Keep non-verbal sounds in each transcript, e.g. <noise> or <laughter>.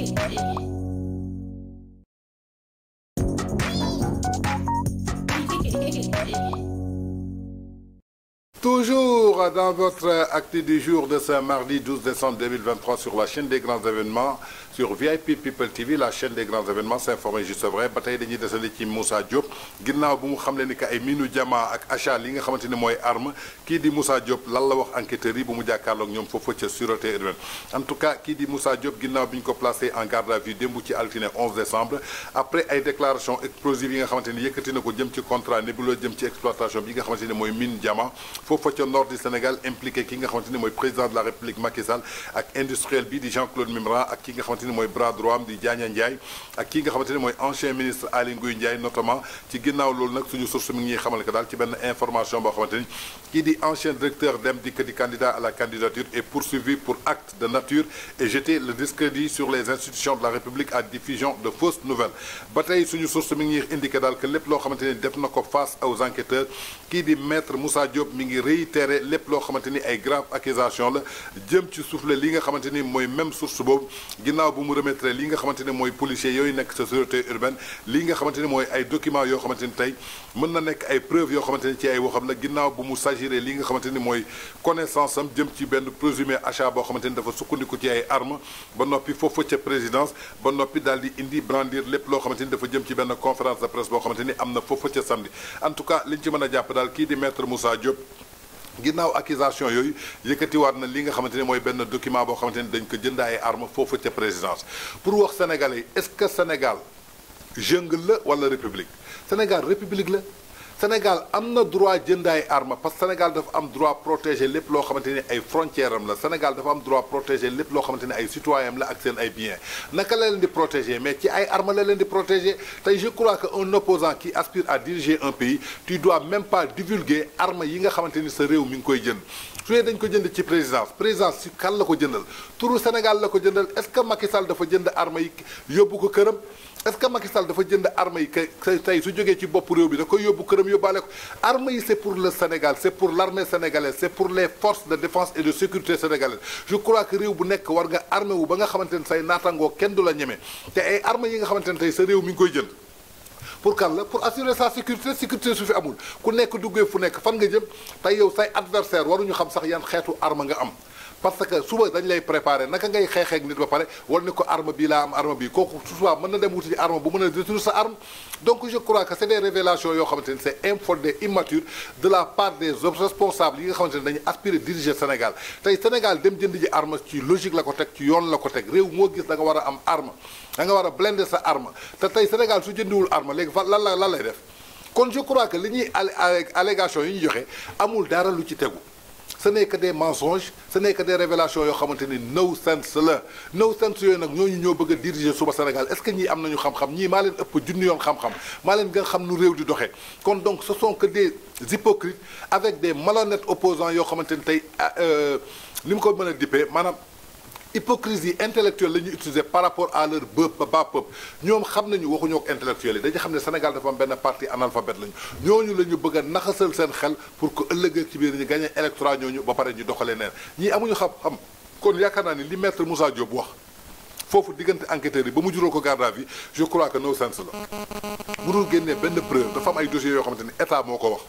Thank <laughs> you. Toujours dans votre acte du jour de ce mardi 12 décembre 2023 sur la chaîne des grands événements, sur VIP People TV la chaîne des grands événements s'informer juste vrai bataille de dañuy desandi Moussa Diop ginnaaw bu mu xamle ni que ay miinu jamaa ak achat li nga arme qui di Moussa Diop lan la wax enquêteurs yi bu mu jàkkaarloog en tout cas qui dit Moussa Diop ginnaaw bi ko placé en garde à vue de ci altine 11 décembre après une déclaration explosive yi nga xamante ni yëkkati jëm contrat jëm exploitation nga min foofa ca nord du Sénégal impliqué ki nga xamanteni moy président de la république Macky Sall ak industriel bi di Jean-Claude Mimra, ak ki nga xamanteni moy bras droit am di Diania Ndiaye ak ki nga xamanteni moy ancien ministre Ali Ngouille Ndiaye notamment ci ginnaaw lool nak suñu source mi ngi xamal ko dal ci ben information bo xamanteni qui dit ancien directeur dem di di candidat à la candidature est poursuivi pour acte de nature et jeter le discrédit sur les institutions de la République à diffusion de fausses nouvelles batay suñu source mi ngi indiqué d'al que lepp lo xamanteni def nako face aux enquêteurs qui dit maître Moussa Diop mi réitéré lepp lo xamanteni ay grave accusation la jëm ci suuf li nga xamanteni moy même source boobu ginnaw bu mu remettre li nga xamanteni moy policier policiers nek nekk sa sûreté urbaine li nga xamanteni moy ay documents yo xamanteni tay tey mën na nek ay preuves yo xamanteni ci ay waxam la ginnaw bu mu s'agiré li nga xamanteni moy mooy connaissance am jëm ci ben présumé achat bo xamanteni dafa sukkandiku ci ay armes ba nopi fofu ci présidence ba nopi daldi indi brandir lepp lo xamanteni dafa jëm ci ben conférence de presse bo xamanteni amna fofu ci samedi en tout cas liñ ci mëna a dal ki di maître Moussa Diop ginnaaw accusation yooyu yëkkatiwaat na li nga xamante ne mooy benn document boo xamante ni dañ ko jënd ay armes foofu ca présidence pour wax sénégalais est-ce que Sénégal jungle la wala république Sénégal république la. Sénégal am na droit jënd ay armes parce que Sénégal dafa am droit protéger lépp loo xamante ni ay frontières am la Sénégal dafa am droit protéger lépp loo xamante ni ay citoyens am la ak seen ay biens naka la di protéger mais ci ay armes la leen di protéger tey je crois que un opposant qui aspire à diriger un pays tu dois même pas divulguer armes yi nga xamante ni sa réew mi ngi koy jënd su dee dañ ko jënd ci présidence présidence si kan la ko jëndal turu Sénégal la ko jëndal est-ce que Macky Sall dafa jënd armes yi yóbbu ko këram est-ce que Macky Sall dafa jënd armes yi kay tey su jógee ci bopp réew bi da koy yóbbu këram yóbbaale ko armes c'est pour le Sénégal c'est pour l'armée sénégalaise c'est pour les forces de défense et de sécurité sénégalaises je crois que réew bu nekk war armée armé wu ba nga xamante ne say naatangoo kenn du la ñeme te ay armes yi nga xamante ne tey sa mi ngi koy jënd pour kan la pour assurer sa sécurité sécurité su fi amul ku nekk duggee fu nekk fan nga jëm tey yow say adversaire waruñu xam sax yan xeetu arme nga am parce que suba dañ lay préparer naka ngay ak nit ba paré war ko arme bi la am arme bi kooku su suba mën na dem wuti arme bu mën a détruire sa arme donc je crois que c'est des révélations yo xamante c'est c' est infondé immature de la part des responsables yi nga xamante dañ aspirer diriger Sénégal tay Sénégal dem jënd ji arme ci logique la ko teg ci yoon la ko teg réew moo gis da nga wara am arme da nga wara a blender sa arme tay tey Sénégal su jëndiwul arme légui lan la lan lay def kon je crois que li ñuy allégation yi ñu joxé amul dara lu ci tegu ce n'est que des mensonges ce n'est que des révélations qui no sense là. « no sense c'est diriger le Sénégal est-ce que nous am nañu xam-xam ñii maa ëpp junni xam-xam Nous sommes xam nu donc ce sont que des hypocrites avec des malhonnêtes opposants qui des gens qui ont hypocrisie intellectuelle la ñuy utiliser par rapport à leur bëpp ba peuple ñoom xam nañu waxuñoo ak intellectuels yi dañu xam ne Sénégal dafa am benn parti analphabète lañu ñooñu la ñu bëgg a naxasal seen xel pour que ëllëgee ci biir ñu gagné électorat ñooñu ba pare ñu doxalee neen ñii amuñu xam-xam kon yaakaar naa ni li maître Moussa Diop wax foofu diggante enquêteurs yi ba mu jural ko garde à vue je que no sens la mënul génnee benn preuve dafa xamante ni état moo ko wax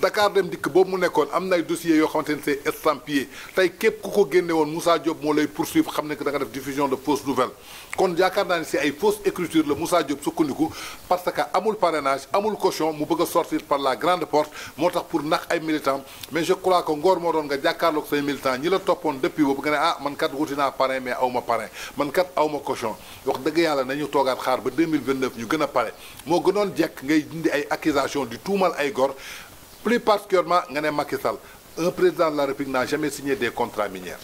Dakar dem dik bo mu nekkoon am na ay dossiers yoo xamante ne c'est estampillé tey képp ku ko génne won Moussa Diop mo lay poursuivre xamné que da nga def diffusion de fausses nouvelles kon yaakaar naa si ay fausse écriture le Moussa Diop sukkandiku parce que amul parrainage amul caution mu bëgg sortir par la grande porte motax pour nak ay militants mais je crois que ngor mo doon nga jàkkaarloog say militants ñi la toppoon depuis bo nga ne ah man kat wuti parrain mais aw parrain man kat aw caution wax deug yalla nañu toogaat xaar ba 2029 ñu gëna a mo gënon gënoon jekk ngay dindi ay accusations di mal ay gor plus particulièrement nga Macky Sall un président de la République n'a jamais signé des contrats minières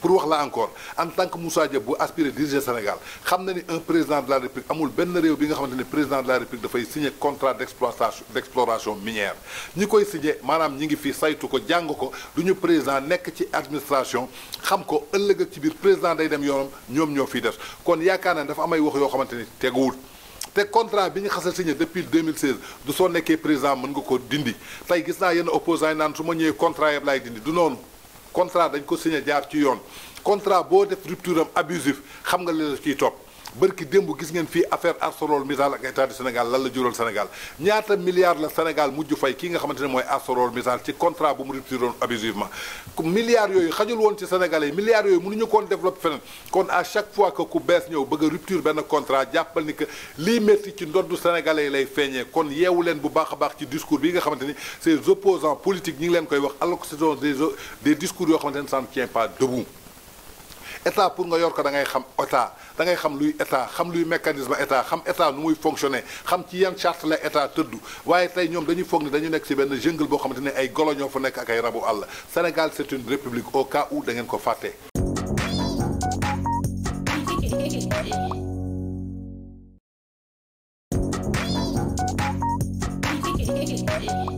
pour wax la encore en tant que Moussa Diop bu aspiré diriger Sénégal xam un président de la République amul benn réew bi nga président de la République dafay signer contrat d'exploitation d'exploration minière ñi koy signer maanaam ñi ngi fi saytu ko jàng ko du président nekk ci administration xam ko ëllëg ak ci biir président day dem yoonam ñoom ñoo fiy def kon yaakaar na dafa amay wax yoo xamante ni te contrat bi ñu xasal signé depuis 2016 du soo nekkee président mën nga ko dindi tey gis naa yenn opposants yi naan su ma ñëwee contrat yëpp laay dindi du noonu contrat dañ ko signé jaar ci yoon contrat boo def rupture am abusif xam nga li la ciy topp barki dembu gis ngeen affaire du Sénégal lan la Sénégal ñaata milliards la Sénégal mujj fay ki nga xamanteni mooy ci contrat bu mu rupture abusivement milliards xajul ci Sénégalais les milliards yooyu mënuñu ont développé à chaque fois que ku bees ñëw bëgg rupture contrat jàppal ni que lii ci ndoddu Sénégalais lay feeñee kon baax discours bi nga ces opposants politiques ñi ngi leen des discours ne ça ne tient pas debout état pour nga yor da ngay xam état da ngay xam luy état xam luy mécanisme état xam état nu muy fonctionner xam ci la état dañu ci jungle ay Sénégal c'est une république au cas où da ngeen ko <laughs>